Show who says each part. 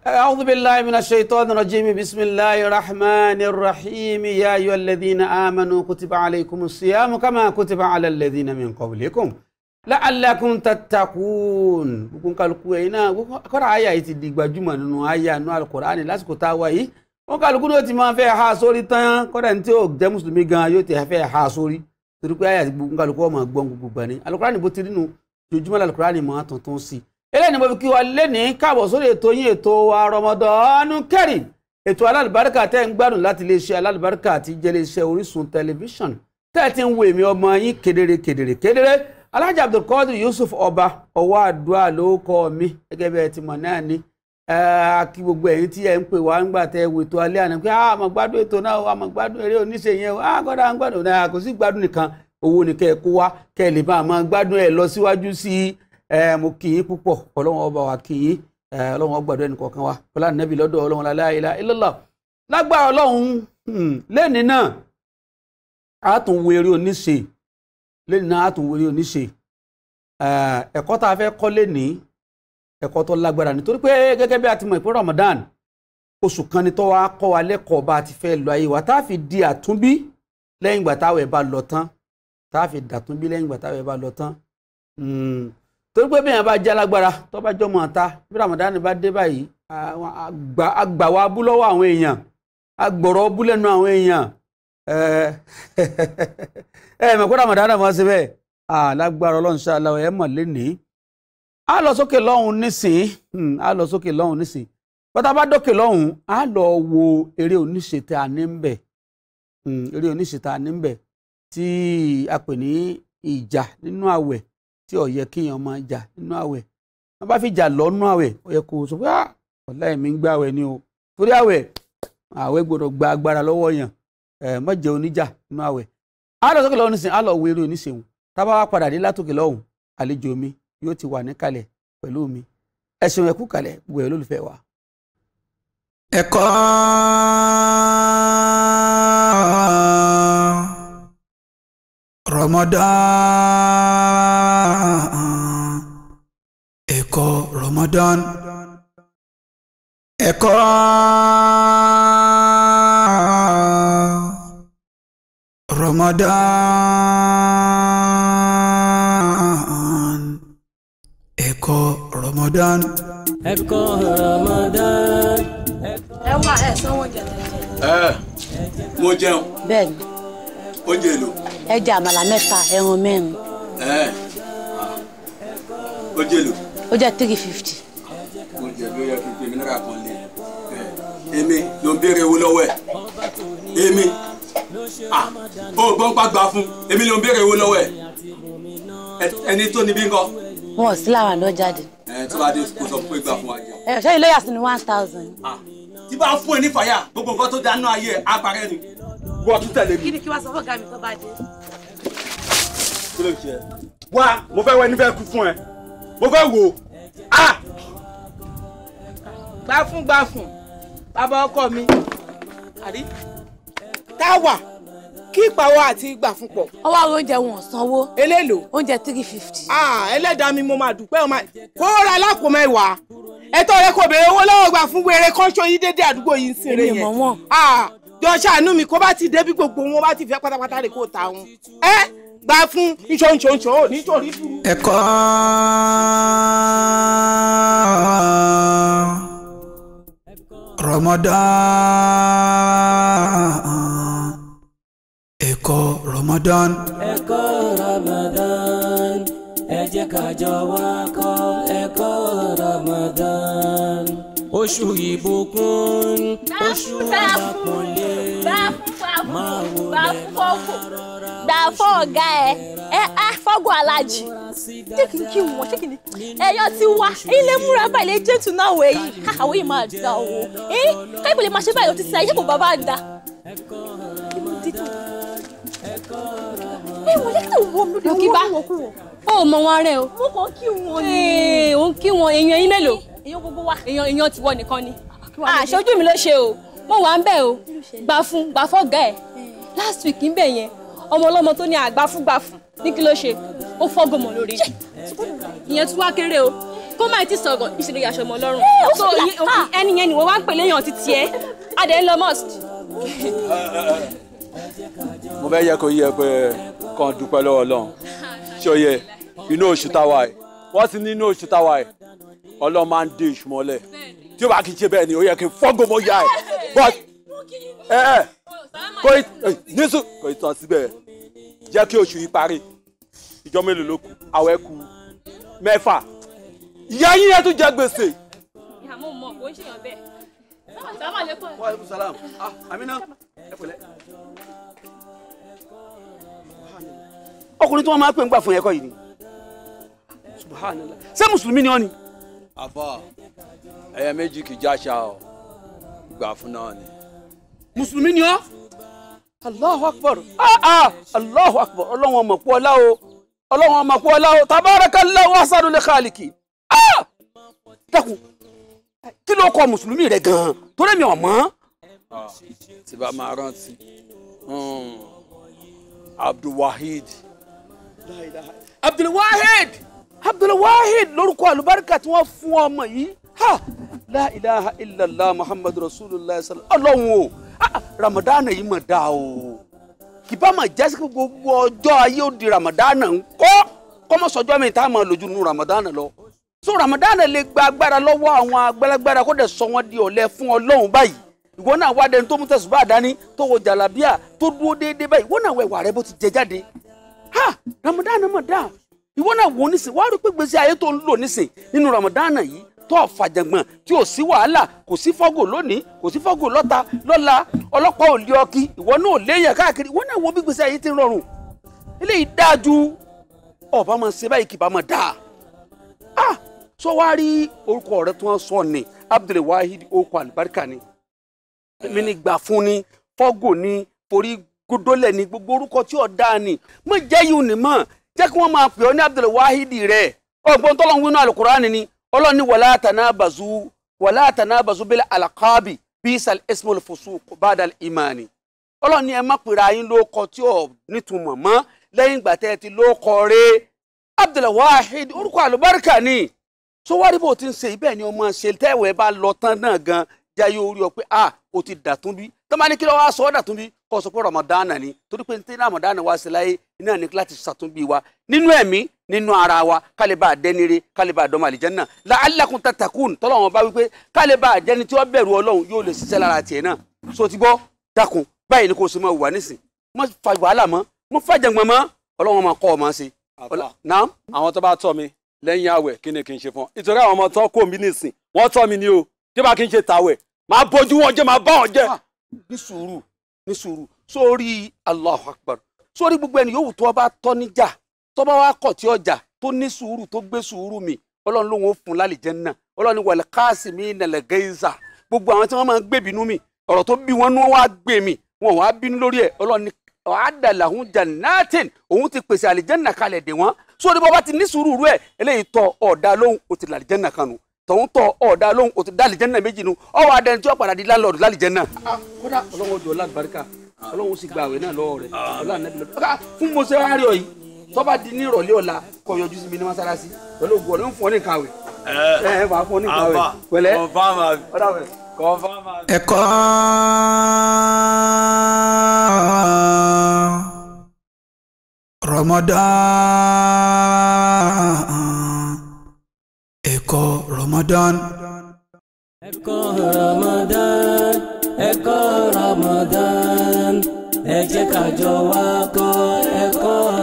Speaker 1: أعوذ بالله من الشيطان الرجيم بسم الله الرحمن الرحيم يا أيها الذين آمنوا كتب عليكم الصيام كما كتب على الذين من قبلكم لعلكم تتقون بكون kálukú ẹ̀yin náà kọ́ra àyà yìí ti di gbajúmọ̀ nínú àyà nínú alukur'ani lásìkò tá a wá yìí wọn kálukú ló ti máa fẹ́ ha sórí tán kọ́ra ní tí yóò jẹ́ mùsùlùmí gan yóò ti fẹ́ ha sórí torí pé àyà ti gbogbo kálukú ọmọ gbọ́n gbogbo gbani alukur'ani bó ti rí nu jojúmọ́ alukur'ani máa tuntun sí i eléyìí ni mo fi kí wa eto káàbọ̀ sórí ètò yín ètò wa Ramadan Kareem ètò alálùbáríkà tẹ́ ń gbádùn láti iléeṣẹ́ alálùbáríkà àti ìjẹ́léeṣẹ́ Orísun tẹlifíṣàn tẹ́ ti ń wo èmi ọmọ yín kedere kedere kedere Alhaji Yusuf Ọba Ọwọ́adúà ló kọ mi gẹ́gẹ́ bí ẹ ti mọ̀ náà ni kí gbogbo ẹ̀yin tí ẹ ń pè wá wo ètò àná a gbádùn ètò náà gbádùn eré a gbádùn náà kò sí gbádùn nìkan owó nìkan kó wá lọ síwájú sí mo kì í púpọ̀ ọlọ́wọ́n ọba wa kì í ọlọ́wọ́n ọgbàdo ẹnì kọ̀ọ̀kan wa ọlá nẹ́bí lọ́dọ̀ ọlọ́wọ́n la ilaha illallah lágbára ọlọ́run hmm, lẹ́ni náà àtúnwò eré oníṣe lẹ́ni náà àtúnwò eré oníṣe ẹ̀kọ́ tá a fẹ́ kọ́ lẹ́ni ẹ̀kọ́ tó lágbára nítorí pé gẹ́gẹ́ bí a ti mọ̀ ìpín Ramadan oṣù kan ni tó wá kọ́ wa lẹ́kọ̀ọ́ bá a ti fẹ́ lọ ayé wa tá a fi di àtúnbí lẹ́yìn ìgbà táwọn ẹ̀ bá lọ tán tá a fi dàtúnbí lẹ́yìn ìgbà táwọn ẹ̀ bá lọ tán hmm, torí pé bí èèyàn bá jẹ́ alágbára tó bá jọmọ ọ̀ta bí Ramadan bá dé báyìí agbàwọ abú lọ́wọ́ àwọn èèyàn agbọ̀rọ̀ ọbú lẹ́nu àwọn èèyàn ẹ ẹ mẹ̀kọ́ Ramadan máa ṣe bẹ́ẹ̀ alágbára ọlọ́run ṣáàlà ẹ̀ mọ̀ lénìí a lọ sókè lọ́hùn nísìn hmm, a lọ sókè lọ́hùn nísìn bàtà bá dókè lọ́hùn a lọ wo eré oníṣètà tá hmm, eré oníṣe tá tí a pè ní ìjà nínú àwẹ̀ tí ò yẹ kéèyàn máa jà nínú àwẹ̀ wọn bá fi jà lọ́nú àwẹ̀ ó yẹ kó o sọ pé ah ọ̀la ẹ̀mí ń gbà àwẹ̀ ni o torí àwẹ̀ àwẹ̀ gbọdọ̀ gba agbára lọ́wọ́ yàn ẹ̀ má jẹ́ oníjà nínú àwẹ̀ á lọ sókè lọ́wọ́ nísìnyí á lọ wo eré oníṣègùn tábà wá padà dé látòkè lọ́hùn àlejò mi yóò ti wà níkàlẹ̀ pẹ̀lú mi ẹ̀sùn ẹ̀kú kalẹ̀ gbogbo ẹ̀ lólùfẹ́ wa.
Speaker 2: ẹ̀kọ́ Ramadan. Ramadan ẹ̀kọ́ Ramadan ẹ̀kọ́ Ramadan. ẹ̀kọ́ Ramadan. ẹ wá ẹ sanwó jẹ.
Speaker 3: ẹ mo jẹun. bẹ́ẹ̀ni. oúnjẹ èlò. ẹja àmàlà mẹ́ta ẹran mẹ́rin. ẹ oúnjẹ èlò ó jẹ́ three fifty. oúnjẹ ló yẹ kí n pè mí náírà kan lé èmi ló ń béèrè owó lọ́wọ́ ẹ̀ èmi ó gbọ́n pa gbà fún èmi ló ń béèrè owó lọ́wọ́ ẹ̀ ẹni tó níbí ńkọ́. wọn ò sí làwọn àná jáde. ẹ tí wàá dé kó sọ pé gbà fún wa jẹ. ẹ ṣé ilé yà ni one thousand. tí bá fún ẹ ní fàyà gbogbo nǹkan tó dáná ayé ẹ àpárẹ ni wọ́n tún tẹ̀lé mi. kí ni kí wàá sọ fún ọ̀gá mi tó bá dé. kí ló ń ṣe wá mo fẹ́ wẹ́
Speaker 1: nífẹ̀ẹ́ kú fún ẹ mo fẹ́ wò ó. Ah! gbáfún gbáfún bàbá ọkọ mi àrí táwà kí ìpàwọ́ àti gbàfún pọ̀. ọwọ́ àwọn oúnjẹ wọn ò sanwó. eléèlò. oúnjẹ three fifty. Ah, ẹlẹ́dàá mi mo máa dúpẹ́ ọmọ kó ra lápò mẹ́wàá ẹ̀tọ́ rẹ kò béèrè owó lọ́wọ́ gbà fún wèrè kan ṣoyí dédé àdúgbò yìí ń sinre yẹn. èmi mọ̀ wọ́n. Ah, jọ ṣàánú mi kó bá ti débi gbogbo wọn bá ti fẹ́ pátápátá rè kó ta wọn.
Speaker 2: ẹ gbá fún ìṣọ̀nṣọ̀nṣọ̀
Speaker 1: nítorí burú.
Speaker 2: ẹ̀kọ́ Ramadan ẹ̀kọ́ Ramadan. ẹ̀kọ́ Ramadan ẹ jẹ́ ká jọ wá kọ́ ẹ̀kọ́ Ramadan oṣù ìbùkún oṣù àpọ̀lé máa
Speaker 3: wọlé máa rọra fọ́ ọ̀gá ẹ̀ ẹ á alájì jẹ́ kí n kí wọ́n ẹ̀yọ́ ti wá ilé múra báyìí lè jẹ́tù náà wẹ̀ yìí káàwé yìí máa da owó ẹ̀ káìpẹ́ lè máa ṣe báyìí ó ti sẹ́ ayé kò bá bá ẹ wọ́n jẹ́ kí mi lóde wọ́n kú
Speaker 2: ó mọ wọn rẹ o. mo
Speaker 3: kàn kí wọn ni. ee ń
Speaker 2: kí wọn èèyàn yín mélòó.
Speaker 3: èèyàn gbogbo wa. èèyàn èèyàn ti wọ nìkan ni. àṣojú ah, mi ló ṣe o mo wà ń bẹ̀ o gbà fún gbà fọ́ ẹ̀ last week ń bẹ̀ yẹn ọmọ ọlọ́mọ tó ní àgbáfúgbàfù ní kí ló ṣe ó fọ́gọ̀mọ̀ lórí ìyẹn tún wá kéré o kó má ti sọ̀rọ̀ ìṣẹ̀lẹ̀ yàṣọ ọmọ ọlọ́run so ah! ẹni yẹn ni wọ́n wá ń pè léèyàn ti tiẹ̀ adé ń lọ mosque. mo fẹ́ yẹ kó yẹ pé kàn dúpẹ́ lọ́wọ́ ọlọ́run ṣọyẹ inú oṣù táwa ẹ̀ wọ́n ti ní inú oṣù táwa ẹ̀ ọlọ́run máa ń dé ìṣù mọ́lẹ̀ tí ó bá kí n ṣe bẹ́ẹ̀ ni ó yẹ kí n fọ́gọ̀mọ̀ yá ẹ̀ but ẹ ẹ kò ní sùn kò ì tán síbẹ̀ jẹ́ kí oṣù yìí parí ìjọ mélòó ló kù àwẹ̀ kù mẹ́fà ìyá yín yẹn tún jẹ gbèsè. ìyàmú mọ kò ń ṣèyàn bẹ́ẹ̀
Speaker 1: sàmà lẹkọ. wa aleykum salaam ah amina ẹ pẹ̀lẹ́. ọkùnrin tí wọn máa ń pè ń gbà fún ẹ̀kọ́ yìí ni subhanallah ṣé mùsùlùmí ni ọ ni.
Speaker 3: àbá ẹyẹ méjì kìí já aṣa
Speaker 1: ọ gbà fún náà ni. mùsùlùmí ni ọ. Allahu akbar ah ah Allahu akbar ọlọ́wọ́n ọmọ pọ́ ọlá o ọlọ́wọ́n ọmọ pọ́ ọlá o tabarakallahu ahsanul khaliqi ah dákun kí ló kọ mùsùlùmí rẹ gan-an torí mi ò mọ̀.
Speaker 3: tí bá máa rántí hmm. abdulwaheed
Speaker 1: abdulwaheed abdulwaheed lórúkọ àlùbáríkà tí wọ́n fún ọmọ yìí la ilaha illallah muhammadu rasulillah ọlọ́run o. Ramadan yìí mà dáa o kìbá mà jẹ́ gbogbo ọjọ́ ayé ó di Ramadan ńkọ́ kọ́mọ́sọjọ́ mi tá a máa lójú nu Ramadan lọ so Ramadan lè gba agbára lọ́wọ́ àwọn agbálagbára kó dẹ̀ sọ wọ́n di ọ̀lẹ fún Ọlọ́run báyìí ìwọ náà wá dẹni tó mú tẹ̀sùn bá dání tó wo jàlábíà tó dúró déédéé báyìí ìwọ náà wọ ìwà rẹ bó ti jẹ jáde ha Ramadan mà dáa ìwọ náà wò nísìn wàá rí pé gbèsè ayé tó ń lò nísìn nínú Ramadan yìí tó fàjàngbọ̀n tí ò sí wàhálà kò sí fọ́gò lónìí kò sí fọ́gò lọ́ta lọ́la ọlọ́pàá ò lé ọkì ìwọ náà ò léèyàn káàkiri ìwọ náà wo bí gbèsè ayé ti rọrùn eléyìí dáa ju ọba máa ṣe báyìí kì bá máa dáa ah sọ wá rí orúkọ rẹ tí wọ́n sọ ni Abdulwahid orúkọ àlùbáríkà ni èmi ni gbà fún ni fọ́gò ni forí gbódólẹ̀ ni gbogbo orúkọ tí ò dáa ni mo jẹ́ yìí ò ní mọ̀ jẹ́ kí wọ́n máa pè ọ́ ní Abdulwahid rẹ̀ ọgbọ́n tọ́lọ́ ń wí náà al ni ọlọ́run ní wàlá àtànábàzú wàlá àtànábàzú bílẹ̀ alakabi bísal ismul fusuq badal imani ọlọ́run ní ẹ má pèrè ayín lóko tí ò nítumọ̀ mọ́ lẹ́yìn ìgbà tẹ́ ẹ ti lóko rẹ̀ abdulwahid orúkọ àlùbáríkà ni sọ wárí bó ti ń ṣe ibẹ̀ ni ọmọ ṣe tẹ́wẹ̀ bá lọ tán náà gan-an já yóò rí ọ pé a ah, o ti dàtún bí tó máa ní kí ló wá sọ ọ́ dàtún bí kó sọ pé ramadana ni torí pé tí ramadana wá sí láyé iná ní láti ṣàtúnbí wa nínú ẹ̀mí nínú ara wa kálíbà dẹ́nire kálíbà dọ́mọ àlìjẹ́nà la'allakum tatakun tọ́lọ́wọ́n bá wípé kálíbà jẹni tí wọ́n bẹ̀rù ọlọ́run yóò lè ṣiṣẹ́ lára tiẹ̀ náà so ti gbọ́ dákun báyìí ni kò sì máa wà nísìn mo fa wàhálà mọ́ mo fa jàngbọ̀n mọ́ ọlọ́run máa kọ́ ọ máa ṣe. àwọn tó bá
Speaker 3: tọ́ mi lẹ́yìn àwẹ̀ kí ni kí n ṣe fún ọ nítorí àwọn ọmọ tó kò mí nísìn wọ́n tọ́ mi ni o kí bá kí n ṣe
Speaker 1: tàwẹ̀ máa bójú wọn jẹ máa bá wọn jẹ. Ah, ní sùúrù ní sùúrù sórí Allahu Akbar sórí gbogbo ẹni yòówù tó bá tọ́ níjà tó bá wá kọ̀ tí ọjà tó ní sùúrù tó gbé sùúrù mi ọlọ́run ló ń wò fún lálìjánnà ọlọ́run ní wal qasimina al ghayza gbogbo àwọn tí wọ́n máa ń gbèbínú mi ọ̀rọ̀ tó bí wọn ní wọ́n wá gbé mi wọn wá bínú lórí ẹ̀ ọlọ́run ní àdàlàhùn jannatin òun ti pèsè àlìjánnà kalẹ̀ dè wọ́n sórí bọ́ bá ti ní sùúrù rú ẹ̀ eléyìí tọ́ ọ̀dà lóhùn ó ti làlìjánnà kan nù tọ̀hún tọ̀ ọ̀dà lóhùn òtún dálì jẹ́ náà méjì nu ọwọ́ adẹni tí ó padà di lálọ́ọ̀dù lálì ah, kódà ọlọ́wọ́ jọ lálùbáríkà ọlọ́wọ́ sì gba àwẹ̀ náà lọ́wọ́ rẹ̀ ah. ọlọ́ànẹ́bí lọ́dọ̀ fún mọ́sẹ́ rárí yìí tó di ní ìrọ̀lẹ́ ọ̀la kó yọjú sí mi ní mọ́sálásí pẹ̀lú ògùn ọ̀lẹ́ ń fún ọ ní kàwé. Eh. Eh,
Speaker 2: ẹ Ramadan. Ramadan. ẹ̀kọ́ Ramadan ẹ̀kọ́ Ramadan ẹ jẹ́ ká jọ wá kọ́